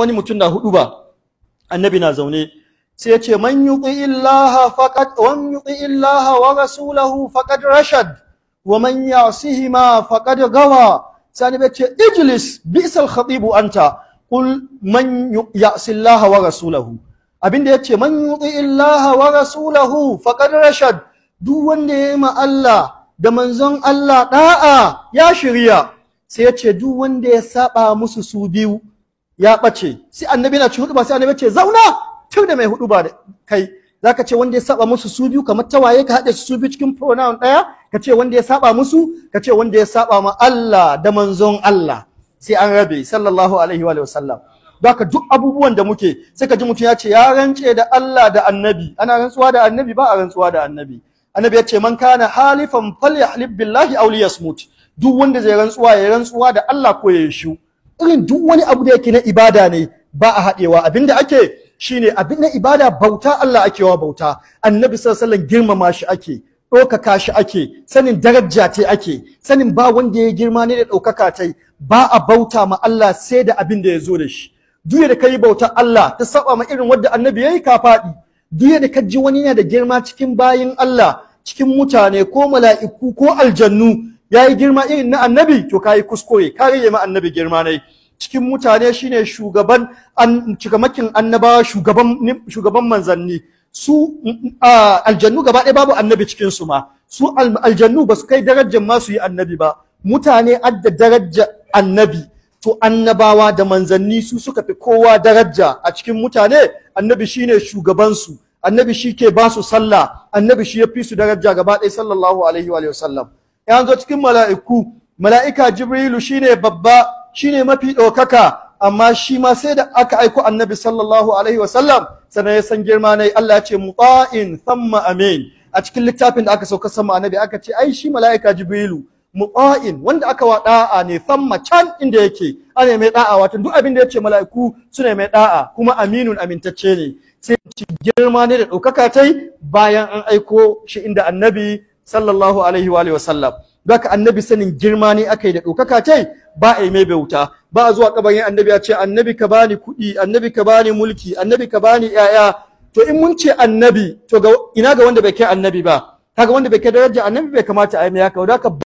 wani mutum na hudu ba annabi na zaune sai ya ce man yuqi illaha faqad wan yuqi illaha wa rasulahu faqad rashad wa man ma faqad gawa sani bai ce ijlis bisal khatibu anta qul man yasi illaha wa rasulahu abinda yace man yuqi illaha wa rasulahu faqad rashad duk wanda ya ma Allah da manzon Allah da'a ya shirya sai yace duk wanda ya saba musu su biyu ya ɓace sai annabi na cikin huduba sai annabi ce zauna tun da mai huduba da kai zaka ce wanda ya saba musu su biyu kamar tawaye ka haɗe su su biyu cikin pronoun ɗaya ka ce wanda ya saba musu ka ce wanda ya saba ma Allah da manzon Allah sai an rabe sallallahu alaihi wa sallam ka duk abubuwan da muke sai ka ji mutum ya ce ya rance da Allah da annabi ana rantsuwa da annabi ba a rantsuwa da annabi annabi ya ce man kana halifan falyahlib billahi aw liyasmut duk wanda zai rantsuwa ya rantsuwa da Allah ko ya yi shu irin duk wani abu da yake na ibada ne ba a haɗewa abinda ake shine abin na ibada bauta Allah ake wa bauta annabi sallallahu girmama shi ake ɗaukaka shi ake sanin daraja ta ake sanin ba wanda ya girma ne da ɗaukaka ta ba a bauta ma Allah sai da abin da ya zo da shi duk da kai bauta Allah ta saba ma irin wanda annabi yayi ka faɗi duk da ka ji wani yana da girma cikin bayan Allah cikin mutane ko mala'iku ko aljannu yayi girma irin na annabi to kayi kuskure ka rage ma annabi girma ne cikin mutane shine shugaban cikamakin annabawa shugaban shugaban manzanni su aljannu gaba ɗaya babu annabi cikin su ma su aljannu ba su kai darajar ma su yi annabi ba mutane adda darajar annabi to annabawa da manzanni su suka fi kowa daraja a cikin mutane annabi shine shugaban su annabi shi ke ba su sallah annabi shi ya fi su daraja gaba ɗaya sallallahu alaihi wa sallam ya zo cikin mala'iku mala'ika jibrilu shine babba shine mafi ɗaukaka amma shi ma sai da aka aiko annabi sallallahu alaihi wasallam sannan ya san girma ne Allah ya ce muta'in thamma amin a cikin littafin da aka sauka sama annabi aka ce ai shi mala'ika jibrilu mu'a'in wanda aka wa da'a ne famma can inda yake ana mai da'a wato duk abin da yace mala'iku suna mai da'a kuma aminun amintacce ne sai ci girma ne da ɗaukaka tai bayan an aiko shi inda annabi sallallahu alaihi wa sallam Baka annabi sanin girma ne aka yi da ɗaukaka ce ba a yi mai bauta ba a zuwa kabarin annabi ya ce annabi ka bani kuɗi annabi ka bani mulki annabi ka bani ƴaƴa to in mun ce annabi to ina ga wanda bai kai annabi ba kaga wanda bai kai daraja annabi bai kamata a yi mai haka